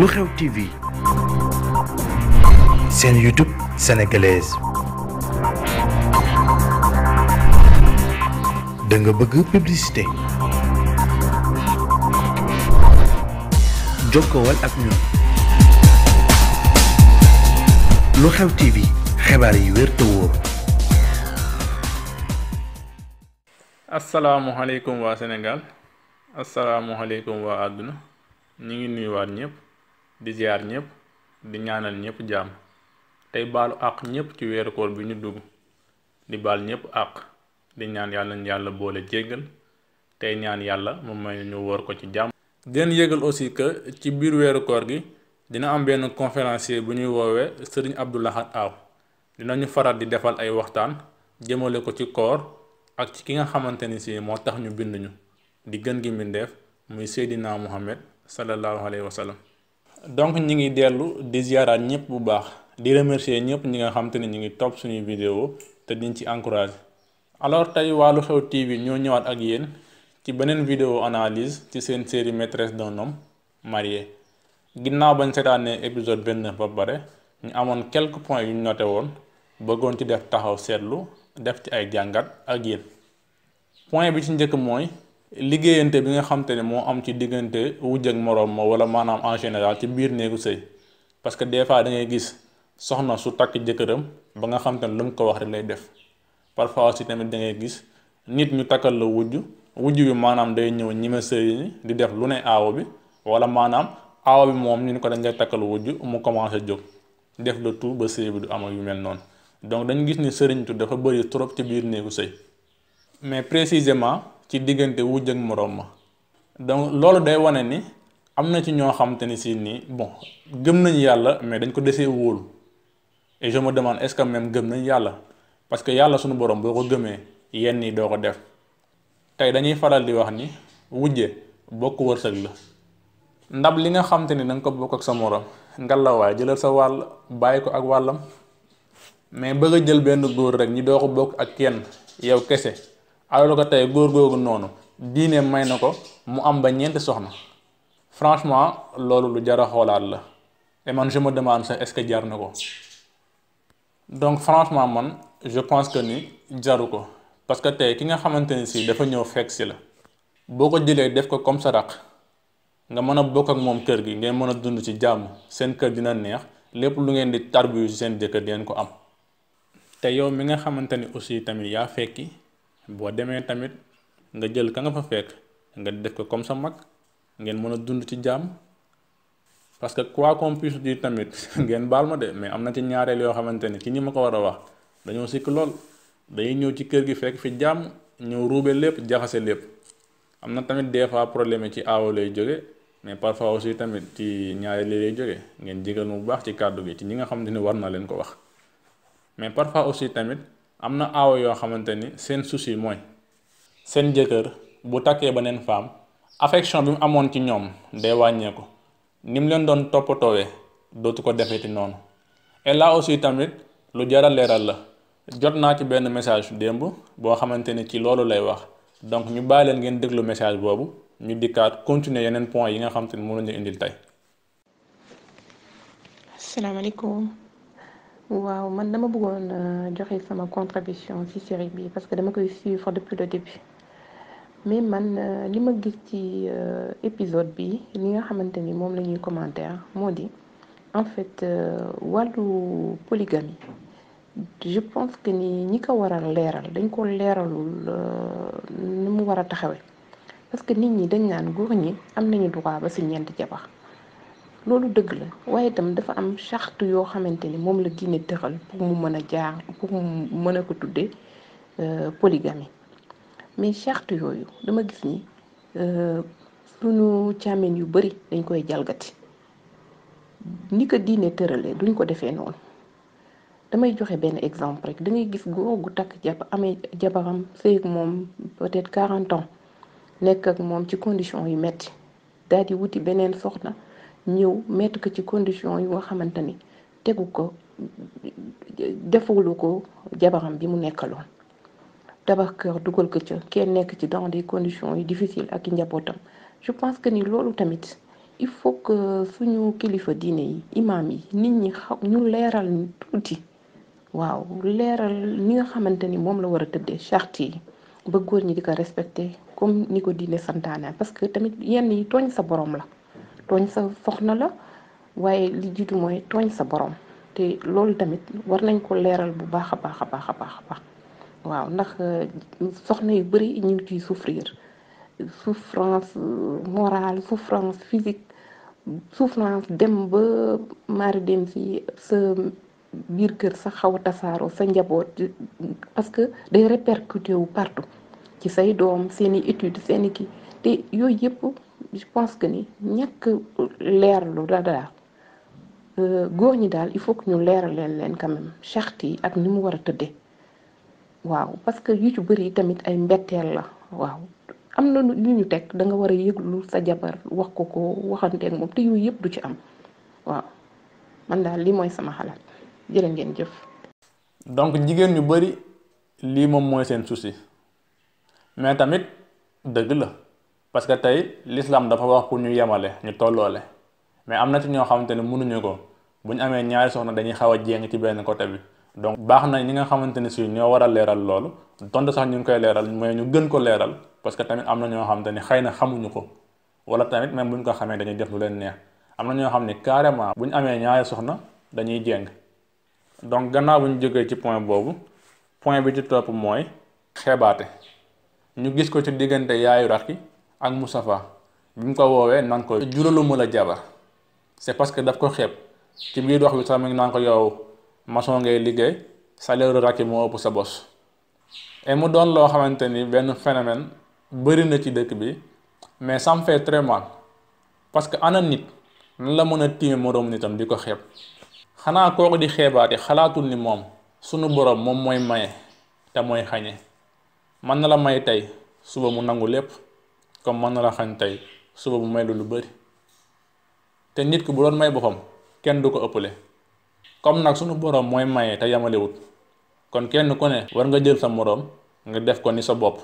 lu xew TV seen YouTube sénégalaise da nga bëgg publicité jokkowal ak ñun lu xew TV xibaar yi wér te wóor. asalaamualeykum waa Sénégal asalaamualeykum waa àdduna ñu ngi nuyuwaat ñépp di ziar ñëpp di ñaanal ñëpp jàmm tey baalu àq ñëpp ci weeru koor bi ñu dugg di baal ñëpp àq di ñaan yàlla ñu yàlla boole jéggal tey ñaan yàlla mu may ñu woor ko ci jàmm. den yëgal aussi que ci biir weeru koor gi dina am benn conférencier bu ñuy woowee sëriñ Abdou Lahad Aw dinañu faral di defal ay waxtaan jëmale ko ci koor ak ci ki nga xamante ni moo tax ñu bind ñu di gën gi mbindeef muy Seydina Muhammad sallallahu alayhi wa sallam donc ñi ngi dellu di ziaraat ñëpp bu baax di remercier ñëpp ñi nga xam te ne ñu ngi topp suñuy video te diñ ci encourage alors tey waa Lu Xew TV ñoo ñëwaat ak yéen ci beneen vidéo analyse ci seen série maîtresse d'un nom marié ginnaaw bañ seetaanee épisode 29 ba pare ñu amoon quelque point yu ñu noté woon bëggoon ci def taxaw seetlu def ci ay jàngat ak yéen point bi ci njëkk mooy liggéeyante bi nga xam ne moo am ci diggante wujj ak moroom ma wala maanaam en général ci biir néegu sëy parce que des fois da ngay gis soxna su takk jëkkëram ba nga xam ne lu mu ko wax rek lay def parfois aussi tamit da ngay gis nit ñu takkal la wujj wujj bi maanaam day ñëw ñi ma sëy di def lu ne aaw bi wala maanaam aaw bi moom ñu ni ko dañ lay takkal wujj mu commencé jóg def le tout ba sëy bi du am yu mel noonu donc dañu gis ni sëriñtu dafa bëri trop ci biir néegu sëy ci diggante wujj ak moroom ma donc loolu day wane ni am na ci ñoo xam ni si nii bon gëm nañ yàlla mais dañ ko desee wóolu et je me demande est-ce gëm nañ yàlla parce que yàlla sunu borom boo ko gëmee yenn yi doo ko def tey dañuy faral di wax ni wujje bokk wërsëg la ndab li nga xam ni da ko bokk ak sa morom ngallaawaay jëlal sa wàll bàyyi ko ak wàllam mais bëgg jël benn góor rek ñi doo ko bokk ak kenn yow kese. alors que tey góor googu noonu diine may na ko mu am ba ñeenti soxna franchement loolu lu jar xoolaat la et man je me demande sax est-ce que jar na ko donc franchement man je pense que ni jaru ko parce que tey ki nga xamante ni si dafa ñëw fekk si la boo ko jëlee def ko comme sa raq nga mën a bokk ak moom kër gi ngeen mën a dund ci jàmm seen kër dina neex lépp lu ngeen di tarbu ci seen jëkkër di ko am te yow mi nga xamante ni aussi tamit yaa fekki boo demee tamit nga jël ka nga fa fekk nga def ko comme sa mag ngeen mën a dund ci jàmm parce que quoi qu'on puisse dire tamit ngeen baal ma de mais am na ci ñaareel yoo xamante ne ci ñi ma ko war a wax dañoo sikk lool dañuy ñëw ci kër gi fekk fi jàmm ñëw ruube lépp jaxase lépp am na tamit des fois problème yi ci aawo lay jóge mais parfois aussi tamit ci ñaari li lay jógee ngeen jégal mu bu baax ci kàddu bi ci ñi nga xam ne war naa leen ko wax mais am na aawo yoo xamante ni seen souci mooy seen jëkkër bu takkee beneen femme affection bi mu amoon ci ñoom day wàññeeku ni leen doon toppatoowee dootu ko defeeti noonu et là aussi tamit lu jaral a leeral la jot naa ci benn message démb boo xamante ni ci loolu lay wax donc ñu bàyyi leen ngeen déglu message boobu ñu dikkaat continuer yeneen point yi nga xam te ne mënuñu indil tey. asalaamaaleykum. waaw man dama bëggoon euh, joxe sama contribution ci série bi parce que dama koy suivre depuis de début mais man euh, li ma gis ci euh, épisode bi li nga xamante ni moom la ñuy commentaire moo di en fait wàllu polygamie je pense que ni ñi ko waral leeral dañ ko leeralul nu mu war a taxawee parce que nit ñi dañ naan góor ñi am nañu droit ba ci ñeenti jabar loolu dëgg la waaye itam dafa am charte yoo xamante ni moom la Guinée tëral pour mu mën a jaar pour mu mën a ko tuddee euh, polygamie mais charte yooyu dama gis ni euh, sunu càmmiñ yu bari dañ koy jalgati ni ko diine tëralee duñ ko defee noonu damay joxe benn exemple rek da gis góor takk jab amee jabaram sëy ak moom peut-être 40 ans nekk ak moom ci condition yu metti daal di wuti beneen soxna. ñëw mettre ko ci condition yu nga xamante ni tegu ko defulu ko jabaram bi mu nekkaloon tabax kër dugal ko ca kenn nekk ci dans des conditions yu difficiles ak njabootam je pense que ni loolu tamit il faut que suñu kilifa diine yi imaam yi nit ñi xaw ñu leeral tuuti waaw leeral ni nga xamante ni moom la war a tëddee charte yi ba góor ñi di ko respecté comme ni ko diine santaane parce que tamit yenn yi tooñ sa borom la tooñ sa soxna la waaye li jiitu mooy tooñ sa borom te loolu tamit war nañ ko leeral bu baax a baax a baax a baax a baax waaw ndax euh, soxna yu bëri ñu ngi ciy souffrir souffrance euh, morale souffrance physique souffrance dem ba mari dem si sa biir kër sa xaw tasaaroo sa njaboot parce que day répercuté wu partout ci say doom seeni étude seeni kii te yooyu yëpp je pense que ni ñàkk leerlu da daal euh, góor ñi daal il faut que ñu leeral leen leen quand même charte yi ak ni mu war a tëddee waaw parce que yu ci bëri tamit ay mbetteel la waaw am na lu ñu teg da nga war a yëglu sa jabar wax ko ko waxanteeg moom te yooyu yëpp du ci am waaw man daal lii mooy sama xalaat jërë ngeen jëf. donc jigéen ñu bari lii moom mooy seen souci mais tamit dëgg la. parce que tey l'islam dafa wax pour ñu yemale ñu tolloole mais am na si ñoo xamante ne mënuñu ko bu ñu amee ñaari soxna dañuy xaw a jéng ci benn côté bi donc baax na ñi nga xamante ne si ñoo war a leeral loolu donte sax ñu ngi koy leeral mooy ñu gën ko leeral parce que tamit am na ñoo xamante ni xëy na xamuñu ko wala tamit même bu ñu ko xamee dañuy def lu leen neex am na ñoo xam ne carrément bu ñu amee ñaari soxna dañuy jéng donc gannaaw bu ñu jógee ci point boobu point bi ci topp mooy xeebaate ñu gis ko ci diggante yaayu rakk ak Moustapha bi mu ko woowee naan ko juraluma la jabar c'est parce que daf ko xeeb ci biir wax bi sax mi ngi naan ko yow mason ngay liggéey salaire rakki moo ëpp sa bos et mu doon loo xamante ni benn phénomène bëri na ci dëkk bi mais ça me fait très mal parce que ana nit nan la mën a tiime moroom nitam di ko xeeb xanaa kooku di xeebaate xalaatul ni moom sunu borom moom mooy maye te mooy xañe mën na la may tey suba mu nangu lépp comme mën na la xañ tey suba bu may lu lu bëri te nit ki bu doon may boppam kenn du ko ëppale comme nag suñu borom mooy maye te yamalewut kon kenn ku ne war nga jël sa moroom nga def ko ni sa bopp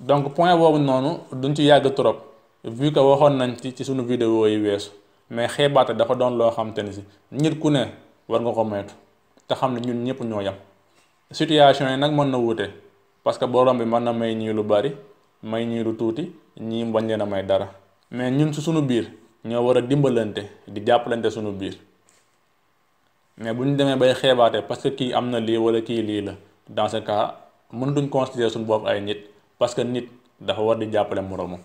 donc point boobu noonu duñ ci yàgg trop vu que waxoon nañ ci ci sunu vidéo yi weesu mais xeebaate dafa doon loo xam te ni si nit ku ne war nga ko moytu te xam ne ñun ñëpp ñoo yam situation yi nag mën na wuute parce que borom bi mën na may ñii lu bari may ñii lu tuuti ñii bañ leen a may dara mais ñun si suñu biir ñoo war a dimbalante di jàppalante suñu biir mais bu ñu demee bay xeebaate parce que kii am na lii wala kii lii la dans ce cas mënatuñ suñu bopp ay nit parce que nit dafa war di jàppale moroomam.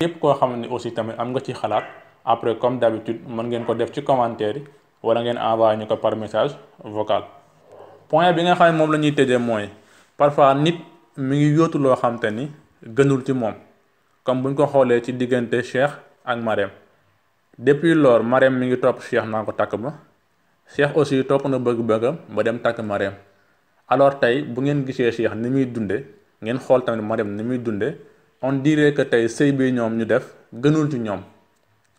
képp koo xam ne aussi tamit am nga ci xalaat après comme d'habitude mën ngeen ko def ci commentaire yi wala ngeen envoyé ñu ko par message vocal. point bi nga xam ne moom la ñuy mooy parfois nit loo xam ni. gënul ci moom comme bu ñu ko xoolee ci diggante Cheikh ak mariam depuis lors Marème mi ngi topp Cheikh naa ko takk ma Cheikh aussi topp na bëgg-bëggam ba dem takk mariam alors tey bu ngeen gisee Cheikh ni muy dunde ngeen xool tamit Marème ni muy dunde on dirait que tey sëy bi ñoom ñu def gënul ci ñoom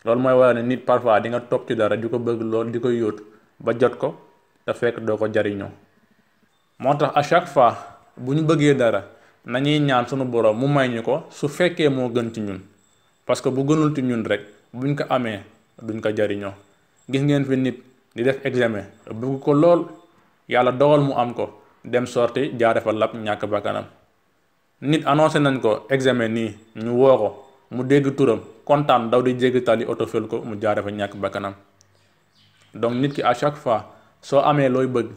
loolu mooy waral ne nit parfois di nga topp ci dara di ko bëgg lool di koy yóot ba jot ko te fekk doo ko jariñoo moo tax a chaque fois bu ñu bëggee dara nañuy ñaan sunu borom mu may ñu ko su fekkee moo gën ci ñun parce que bu gënul ci ñun rek buñ ko amee duñ ko jariñoo gis ngeen fi nit di def examen bëgg ko lool yàlla dogal mu am ko dem sorti jaare fa lab ñàkk bakkanam nit annoncé nañ ko examen nii ñu woo ko mu dégg turam kontaan ndaw di jéggi tali oto fël ko mu jaare fa ñàkk bakkanam donc nit ki à chaque fois soo amee looy bëgg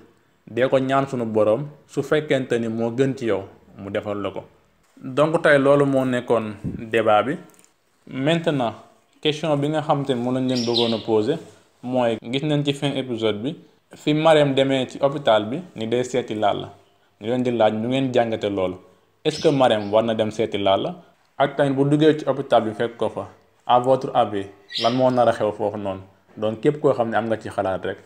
dee ko ñaan sunu borom su fekkente ni moo gën ci yow mu defal la ko donc tey loolu moo nekkoon débat bi maintenant question bi nga xam te ne moom lañ leen bëggoon a posé mooy gis nañ ci fin épisode bi fi Marème demee ci hôpital bi ni day seeti Lalla ñu leen di laaj ñu ngeen jàngate lool est-ce que Marème war na dem seeti Lalla ak tamit bu duggee ci hôpital bi fekk ko fa à votre avis lan moo nar a xew foofu noonu donc képp koo xam ne am nga ci xalaat rek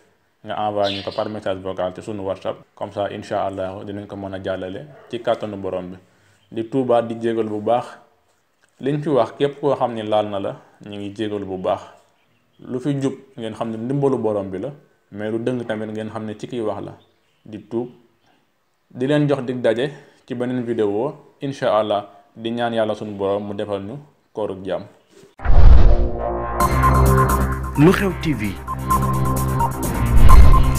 nga envoyé ñu ko par message vocal ci sunu whatsapp comme ça incha allah dinañ ko mën a jàllale ci kàttanu boroom bi di tuubaa di jégal bu baax liñ fi wax képp koo xam ne laal na la ñu ngi jégal bu baax lu fi jub ngeen xam ne ndimbalu borom bi la mais lu dëng tamit ngeen xam ne ci kiy wax la di tuub di leen jox dig daje ci beneen vidéo incha allah di ñaan yàlla sunu borom mu defal ñu kooruk jàmm. lu xew TV.